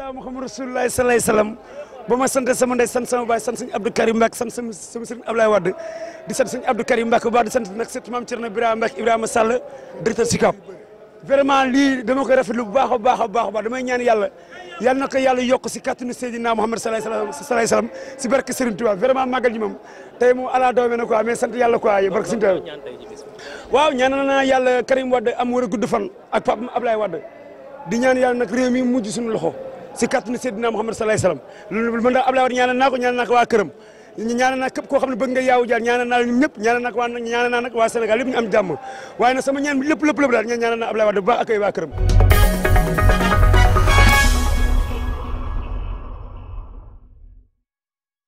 alhamdulilah Muhammad rasulullah sallallahu alayhi wasallam ba ma sant sama ndey sant sama baay sant sëñ Abdou Karim Mbacke sant sama sama sëñ Ablaye Wade di sant sëñ Abdou Karim Mbacke bu baax di sant nag surtout maam Thierno Birame Mbacke Ibrahima Sall directeur SICAP vraiment lii dama koy rafetlu bu baax a baax a baax damay ñaan yàlla yal na ko yàlla yokk si kàttanu Seydina Muhammad sallallahu alayhi wasallam si barke Serigne Touba vraiment màggal ñi moom tey moom ala doome na quoi mais sant yàlla quoi barke Serigne Touba waaw ñaanal naa yàlla Karim Wade am war a gudd fan ak Pape Ablaye Wade di ñaan yàlla nag réew mi mujj suñu loxo si kàttanu Seydina Muhammad sallallahu alayhi wasallam loolu man daal Abdoulaye Wade ñaanal naa ko ñaanal naa ko waa këram ñaanal naa képp koo xam ne bëgg nga yaawu jaar ñaanal naa ñun ñëpp ñaanal am jàmm waaye nag sama ñaan bi lépp lépp lépp daal ñaanal naa Abdoulaye Wade bu baax ak ay waa këram